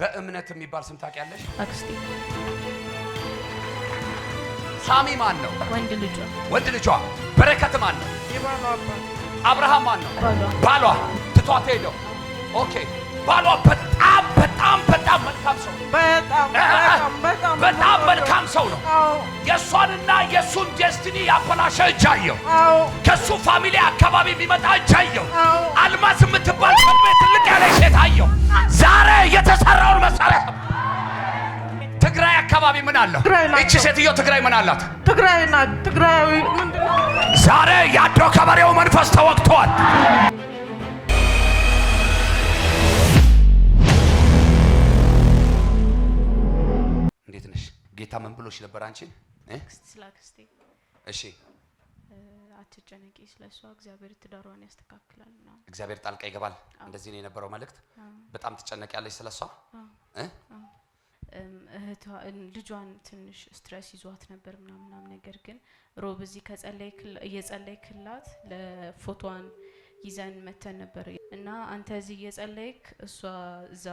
በእምነት የሚባል ስም ታውቂያለሽ? አክስቴ ሳሚ ማን ነው? ወንድ ልጇ። ወንድ ልጇ በረከት ማን ነው? አብርሃም ማን ነው? ባሏ። ትቷት ሄደው። ኦኬ። ባሏ በጣም በጣም በጣም መልካም ሰው በጣም መልካም ሰው ነው። የእሷንና የእሱን ዴስቲኒ ያበላሸ እጃየው። ከእሱ ፋሚሊ አካባቢ የሚመጣ እጃየው ምን እቺ ሴትዮ ትግራይ ምን አላት? ትግራይ ናት። ዛሬ ያዶ ከበሬው መንፈስ ተወግቷል። እንዴት ነሽ? ጌታ ምን ብሎሽ ነበር አንቺ? ስላክስቴ እሺ አትጨነቂ፣ ስለሷ እግዚአብሔር ትዳሯን ያስተካክላል እግዚአብሔር ጣልቃ ይገባል። እንደዚህ ነው የነበረው መልእክት። በጣም ትጨነቅ ስለ ስለሷ እህቷ ልጇን ትንሽ ስትረስ ይዟት ነበር ምናምናም ነገር ግን ሮብ እዚህ እየጸለይክላት ለፎቶዋን ይዘን መተን ነበር እና አንተ እዚህ እየጸለይክ እሷ እዛ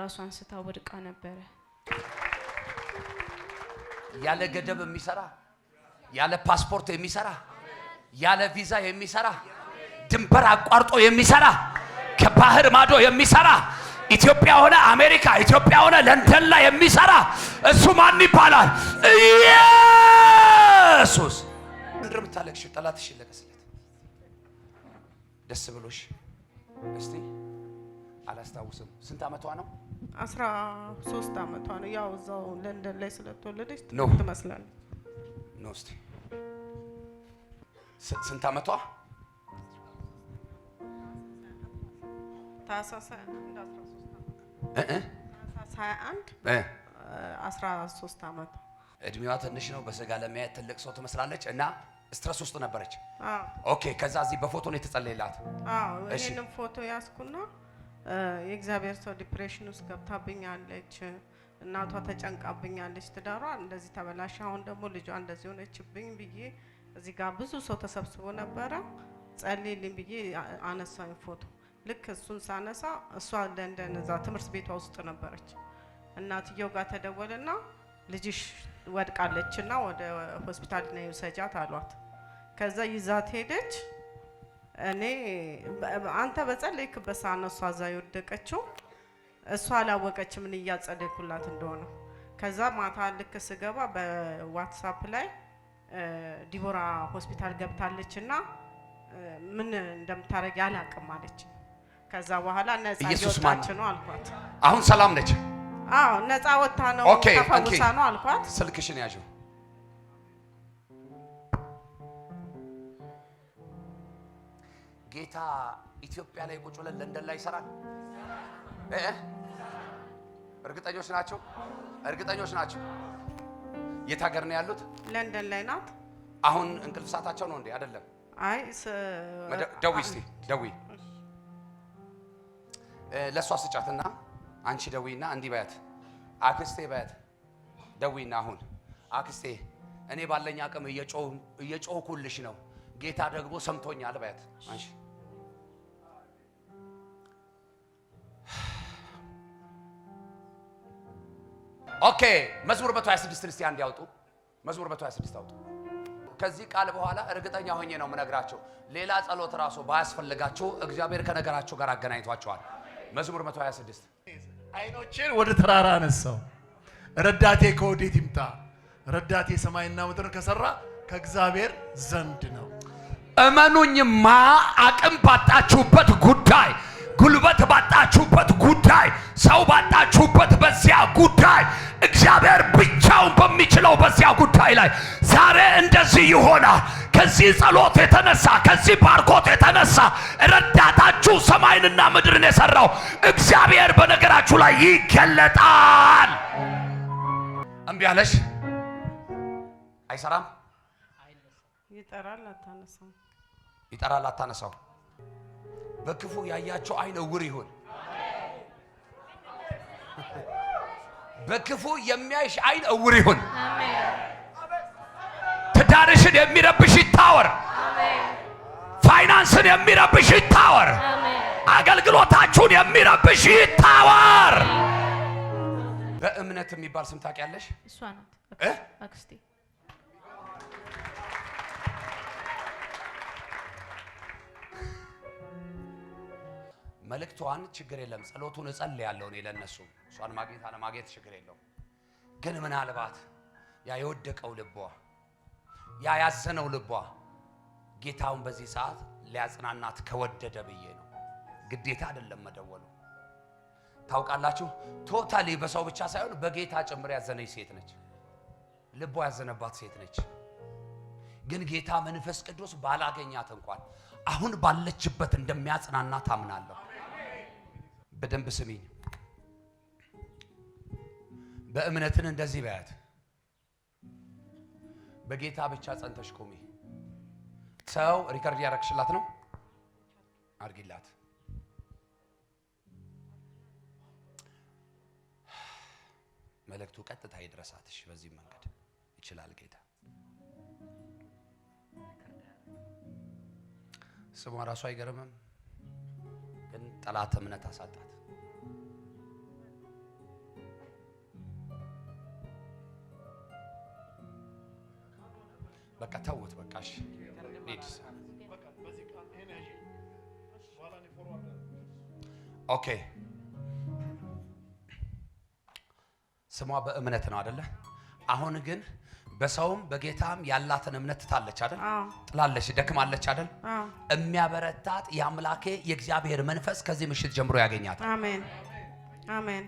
ራሷን ስታ ወድቃ ነበረ። ያለ ገደብ የሚሰራ ያለ ፓስፖርት የሚሰራ ያለ ቪዛ የሚሰራ ድንበር አቋርጦ የሚሰራ ከባህር ማዶ የሚሰራ ኢትዮጵያ ሆነ አሜሪካ፣ ኢትዮጵያ ሆነ ለንደን ላይ የሚሰራ እሱ ማን ይባላል? ኢየሱስ። ምንድን ነው የምታለቅሽው? ጠላትሽ ደስ ብሎሽ እስቲ አላስታውስም። ስንት አመቷ ነው? አስራ ሶስት አመቷ ነው። ያው እዛው ለንደን ላይ ስለተወለደች ትመስላለች። ኖ እስቲ ስንት አመቷ? ታህሳስ 13 ዓመት እድሜዋ ትንሽ ነው በስጋ ለማየት ትልቅ ሰው ትመስላለች እና ስትረስ ውስጥ ነበረች። ኦኬ። ከዛ እዚህ በፎቶ ነው የተጸለየላት። አዎ፣ ፎቶ ያስኩና የእግዚአብሔር ሰው ዲፕሬሽን ውስጥ ገብታብኛለች፣ እናቷ ተጨንቃብኛለች፣ ትዳሯ እንደዚህ ተበላሽ፣ አሁን ደግሞ ልጇ እንደዚህ ሆነችብኝ ብዬ እዚህ ጋር ብዙ ሰው ተሰብስቦ ነበረ። ጸልይልኝ ብዬ አነሳኝ ፎቶ ልክ እሱን ሳነሳ እሷ ለንደን እዛ ትምህርት ቤቷ ውስጥ ነበረች። እናትየው ጋር ተደወለና ልጅሽ ወድቃለችና ወደ ሆስፒታል ና ይውሰጃት አሏት። ከዛ ይዛት ሄደች። እኔ አንተ በጸለይክበት ሰዓት እሷ እዛ የወደቀችው እሷ አላወቀች ምን እያጸለይኩላት እንደሆነ። ከዛ ማታ ልክ ስገባ በዋትሳፕ ላይ ዲቦራ ሆስፒታል ገብታለች እና ምን እንደምታደርግ ያላቅም አለች። ከዛ በኋላ ነፃ እየወጣች ነው አልኳት። አሁን ሰላም ነች። አዎ ነፃ ወጣ ነው ተፈውሳ ነው አልኳት። ስልክሽን ያዥው። ጌታ ኢትዮጵያ ላይ ቁጭ ብለን ለንደን ላይ ይሰራል። እርግጠኞች ናቸው፣ እርግጠኞች ናቸው። የት ሀገር ነው ያሉት? ለንደን ላይ ናት። አሁን እንቅልፍ ሰዓታቸው ነው እንዴ? አይደለም። አይ ደዊ እስቲ ደዊ ለእሷ ስጫትና አንቺ ደዊና እንዲህ በያት አክስቴ በያት ደዊና አሁን አክስቴ እኔ ባለኝ አቅም እየጮህኩልሽ ነው፣ ጌታ ደግሞ ሰምቶኛል በያት። አንቺ ኦኬ። መዝሙር 126 እስቲ አንድ ያውጡ። መዝሙር 126 አውጡ። ከዚህ ቃል በኋላ እርግጠኛ ሆኜ ነው የምነግራቸው፣ ሌላ ጸሎት ራሱ ባያስፈልጋቸው እግዚአብሔር ከነገራቸው ጋር አገናኝቷቸዋል። መዝሙር 126 አይኖቼን ወደ ተራራ አነሳው። ረዳቴ ከወዴት ይምጣ? ረዳቴ ሰማይና ምድር ከሰራ ከእግዚአብሔር ዘንድ ነው። እመኑኝማ አቅም ባጣችሁበት ጉዳይ፣ ጉልበት ባጣችሁበት ጉዳይ፣ ሰው ባጣችሁበት በዚያ ጉዳይ እግዚአብሔር ብቻውን በሚችለው በዚያ ጉዳይ ላይ ዛሬ እንደዚህ ይሆናል። ከዚህ ጸሎት የተነሳ ከዚህ ባርኮት የተነሳ ረዳታችሁ ሰማይንና ምድርን የሰራው እግዚአብሔር በነገራችሁ ላይ ይገለጣል። እምቢ አለሽ፣ አይሰራም። ይጠራል፣ አታነሳው። በክፉ ያያቸው አይነ ውር ይሁን በክፉ የሚያይሽ አይን እውር ይሁን። ትዳርሽን የሚረብሽ ይታወር። ፋይናንስን የሚረብሽ ይታወር። አገልግሎታችሁን የሚረብሽ ይታወር። በእምነት የሚባል ስም ታውቂያለሽ? እሷ ናት አክስቴ። መልእክቷን ችግር የለም ጸሎቱን እጸልያለሁ እኔ ለእነሱ እሷን ማግኘት አለማግኘት ችግር የለውም። ግን ምናልባት ያ የወደቀው ልቧ ያያዘነው ልቧ ጌታውን በዚህ ሰዓት ሊያጽናናት ከወደደ ብዬ ነው። ግዴታ አይደለም መደወሉ። ታውቃላችሁ፣ ቶታሊ በሰው ብቻ ሳይሆን በጌታ ጭምር ያዘነች ሴት ነች። ልቧ ያዘነባት ሴት ነች። ግን ጌታ መንፈስ ቅዱስ ባላገኛት እንኳን አሁን ባለችበት እንደሚያጽናናት ታምናለሁ። በደንብ ስሚኝ። በእምነትን እንደዚህ በያት በጌታ ብቻ ጸንተሽ ቆሚ። ሰው ሪከርድ ያረግሽላት ነው አድርጊላት። መልእክቱ ቀጥታ ይድረሳትሽ። በዚህ መንገድ ይችላል ጌታ። ስሟ ራሱ አይገርምም? ግን ጠላት እምነት አሳጣት። በቃ ተውት፣ በቃሽ ሂድ። ኦኬ ስሟ በእምነት ነው አደለ? አሁን ግን በሰውም በጌታም ያላትን እምነት ትታለች አይደል? ጥላለች፣ ደክማለች አይደል? የሚያበረታት የአምላኬ የእግዚአብሔር መንፈስ ከዚህ ምሽት ጀምሮ ያገኛታል። አሜን አሜን።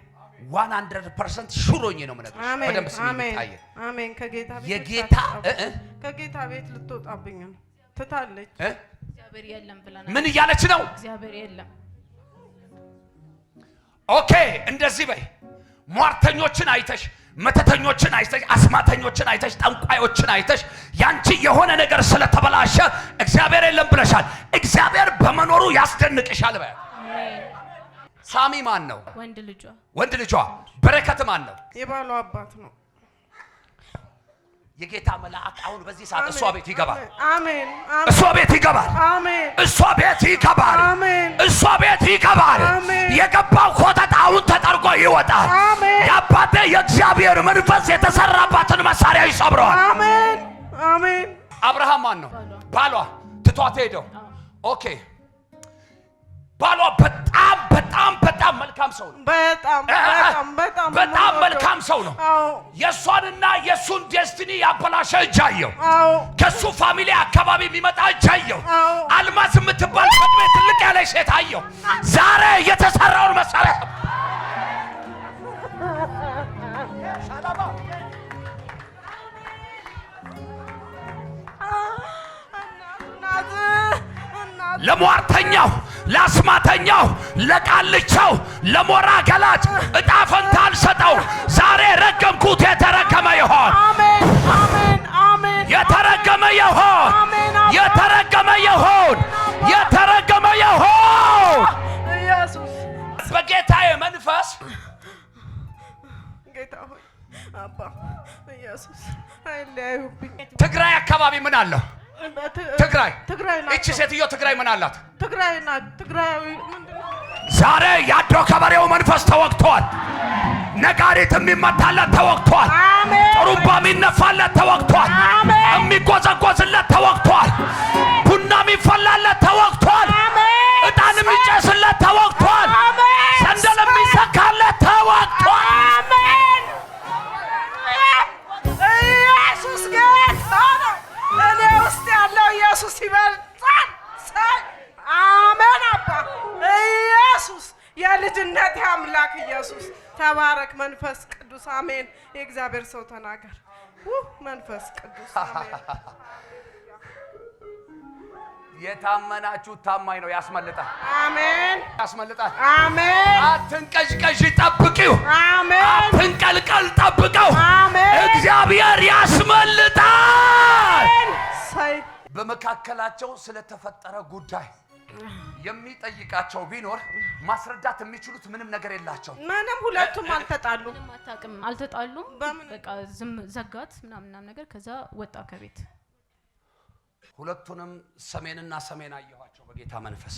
100 ሀንድረድ ፐርሰንት ሹሮኝ ነው ምነት በደንብ ስሚታየ አሜን። ከጌታ ቤት የጌታ ከጌታ ቤት ልትወጣብኝ ነው ትታለች። እግዚአብሔር የለም ብለናል። ምን እያለች ነው? እግዚአብሔር የለም። ኦኬ፣ እንደዚህ በይ። ሟርተኞችን አይተሽ፣ መተተኞችን አይተሽ፣ አስማተኞችን አይተሽ፣ ጠንቋዮችን አይተሽ፣ ያንቺ የሆነ ነገር ስለተበላሸ እግዚአብሔር የለም ብለሻል። እግዚአብሔር በመኖሩ ያስደንቅሻል በያ ሳሚ ማን ነው? ወንድ ልጇ። ወንድ ልጇ በረከት ማን ነው? የባሏ አባት ነው። የጌታ መልአክ አሁን በዚህ ሰዓት እሷ ቤት ይገባል። አሜን። እሷ ቤት ይገባል። አሜን። እሷ ቤት ይገባል። አሜን። እሷ ቤት ይገባል። የገባው ኮተት አሁን ተጠርቆ ይወጣል። አሜን። ያባተ የእግዚአብሔር መንፈስ የተሰራባትን መሳሪያ ይሰብረዋል። አሜን። አሜን። አብርሃም ማን ነው? ባሏ ትቷት ሄደው። ኦኬ ባሏ በጣም በጣም መልካም ሰው ነው። በጣም መልካም ሰው ነው። የእሷንና የእሱን ዴስቲኒ ያበላሸ እጃየው ከእሱ ፋሚሊ አካባቢ የሚመጣ እጃየው አልማዝ የምትባል ከዕድሜ ትልቅ ያለች ሴት አየው ዛሬ የተሰራውን መሳሪያ ለሟርተኛው፣ ለአስማተኛው፣ ለቃልቻው፣ ለሞራ ገላጭ እጣ ፈንታ አልሰጠው። ዛሬ ረገምኩት። የተረገመ ይሆን፣ የተረገመ ይሆን፣ የተረገመ ይሆን፣ የተረገመ ይሆን። በጌታዬ መንፈስ ጌታ ሆይ አባ ኢየሱስ ትግራይ አካባቢ ምን አለው? ትግራይ እቺ ሴትዮ ትግራይ ምን አላት? ትግራይ ናት። ትግራዊ ዛሬ ያዶ ከበሬው መንፈስ ነጋሪት የሚመታለት ጥሩምባ የሚነፋለት የሚጎዘጎዝለት እግዚአብሔር ሰው ተናገር። መንፈስ ቅዱስ የታመናችሁ ታማኝ ነው፣ ያስመልጣል። አሜን፣ ያስመልጣል። አሜን። አትንቀዥቀዥ፣ ጠብቂው። አሜን። አትንቀልቀል፣ ጠብቀው። አሜን። እግዚአብሔር ያስመልጣል። በመካከላቸው ስለተፈጠረ ጉዳይ የሚጠይቃቸው ቢኖር ማስረዳት የሚችሉት ምንም ነገር የላቸው። ምንም ሁለቱም አልተጣሉም፣ አታውቅም፣ አልተጣሉም። በቃ ዝም ዘጋት ምናምን ምናምን ነገር ከዛ ወጣ ከቤት። ሁለቱንም ሰሜንና ሰሜን አየኋቸው በጌታ መንፈስ።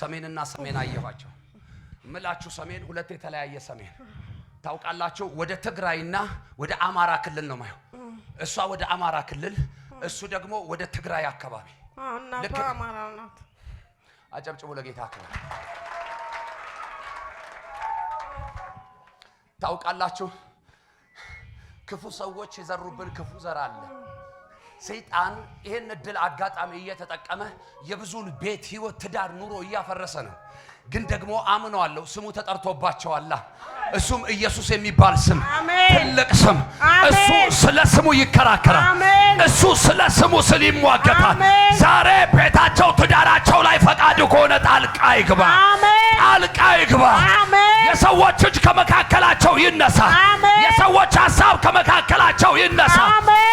ሰሜንና ሰሜን አየኋቸው ምላችሁ ሰሜን ሁለት የተለያየ ሰሜን ታውቃላችሁ። ወደ ትግራይና ወደ አማራ ክልል ነው ማየው። እሷ ወደ አማራ ክልል፣ እሱ ደግሞ ወደ ትግራይ አካባቢ ልክ አጨብጭቡ ለጌታ ክብር። ታውቃላችሁ ክፉ ሰዎች የዘሩብን ክፉ ዘር አለ። ሰይጣን ይህን እድል አጋጣሚ እየተጠቀመ የብዙን ቤት ህይወት፣ ትዳር፣ ኑሮ እያፈረሰ ነው። ግን ደግሞ አምነዋለሁ ስሙ አላ እሱም ኢየሱስ የሚባል ስም ትልቅ ስም። እሱ ስለ ስሙ ይከራከራል። እሱ ስለ ስሙ ስል ይሟገታል። ዛሬ ቤታቸው፣ ትዳራቸው ላይ ፈቃድ ከሆነ ጣልቃ ይግባ፣ ጣልቃ ይግባ። የሰዎች እጅ ከመካከላቸው ይነሳ፣ የሰዎች ሀሳብ ከመካከላቸው ይነሳ።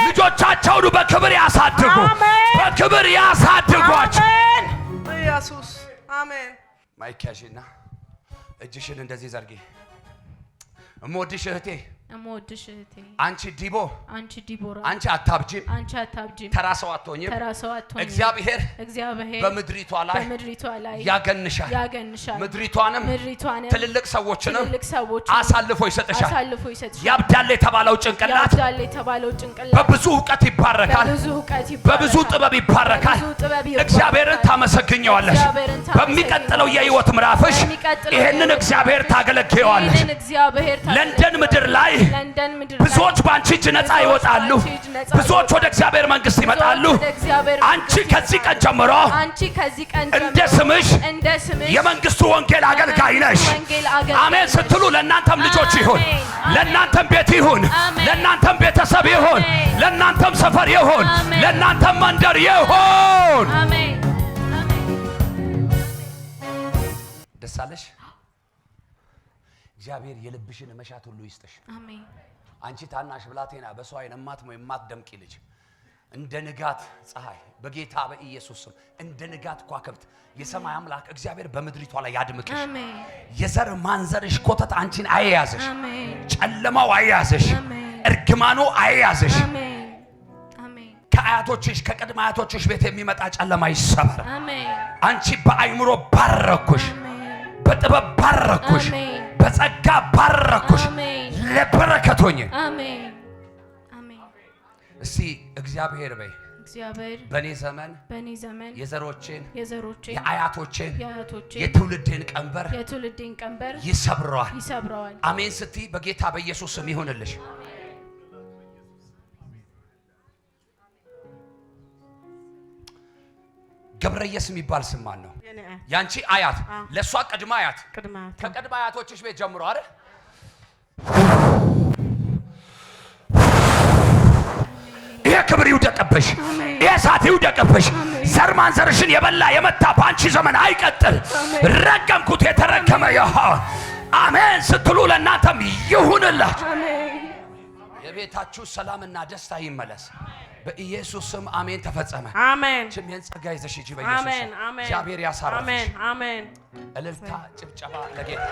ልጆቻቸውን በክብር ያሳድጉ፣ በክብር ያሳድጓቸው። ኢየሱስ አሜን። ማይክ ያዢና እጅሽን እንደዚህ ዘርጊ። እምወድሽ እህቴ አንቺ ዲቦ አንቺ ዲቦራ አንቺ አታብጂ አንቺ አታብጂ ተራ ሰው አትሆኝም ተራ ሰው አትሆኝም እግዚአብሔር እግዚአብሔር በምድሪቷ ላይ በምድሪቷ ላይ ያገንሻል ያገንሻል ምድሪቷንም ምድሪቷንም ትልልቅ ሰዎችንም ትልልቅ ሰዎች አሳልፎ ይሰጥሻል አሳልፎ ይሰጥሻል ያብዳል የተባለው ጭንቅላት ያብዳል የተባለው ጭንቅላት በብዙ እውቀት ይባረካል በብዙ እውቀት ይባረካል በብዙ ጥበብ ይባረካል እግዚአብሔርን ታመሰግኘዋለሽ በሚቀጥለው የህይወት ምዕራፍሽ ይሄንን እግዚአብሔር ታገለግለዋለሽ ለንደን ምድር ላይ ብዙዎች በአንቺ እጅ ነፃ ይወጣሉ። ብዙዎች ወደ እግዚአብሔር መንግስት ይመጣሉ። አንቺ ከዚህ ቀን ጀምሮ እንደ ስምሽ የመንግስቱ ወንጌል አገልጋይ ነሽ። አሜን ስትሉ ለእናንተም ልጆች ይሁን፣ ለእናንተም ቤት ይሁን፣ ለእናንተም ቤተሰብ ይሁን፣ ለእናንተም ሰፈር ይሁን፣ ለእናንተም መንደር ይሁን። ደሳለሽ እግዚአብሔር የልብሽን መሻት ሁሉ ይስጥሽ። አሜን። አንቺ ታናሽ ብላቴና በሰው አይን የማትሞይ የማትደምቂ ልጅ እንደ ንጋት ፀሐይ በጌታ በኢየሱስ ስም እንደ ንጋት ኳክብት የሰማይ አምላክ እግዚአብሔር በምድሪቷ ላይ ያድምቅሽ። የዘር ማንዘርሽ ኮተት አንቺን አይያዝሽ። ጨለማው አይያዝሽ። እርግማኑ አይያዝሽ። ከአያቶችሽ ከቅድመ አያቶችሽ ቤት የሚመጣ ጨለማ ይሰበር። አንቺ በአይምሮ ባረኩሽ፣ በጥበብ ባረኩሽ። በጸጋ ባረኩሽ፣ ለበረከት ሆኜ። እስቲ እግዚአብሔር በይ እግዚአብሔር በእኔ ዘመን በእኔ ዘመን የዘሮቼን የዘሮቼን የአያቶቼን የአያቶቼን የትውልድን ቀንበር የትውልድን ቀንበር ይሰብረዋል ይሰብረዋል። አሜን። ስትይ በጌታ በኢየሱስ ስም ይሁንልሽ። ገብረየስ የሚባል ስም ማን ነው? ያንቺ አያት ለእሷ ቅድመ አያት ከቅድመ አያቶችሽ ቤት ጀምሮ አይደል? ይሄ ክብር ይውደቅብሽ፣ ይሄ እሳት ይውደቅብሽ። ዘር ማንዘርሽን የበላ የመታ በአንቺ ዘመን አይቀጥል። ረገምኩት የተረገመ ይኸ አሜን ስትሉ ለእናንተም ይሁንላችሁ። የቤታችሁ ሰላምና ደስታ ይመለስ። በኢየሱስ ስም አሜን። ተፈጸመ። አሜን። ችም ጸጋ ይዘሽ ሂጂ በኢየሱስ ስም። እግዚአብሔር አሜን። እልልታ፣ ጭብጨባ ለጌታ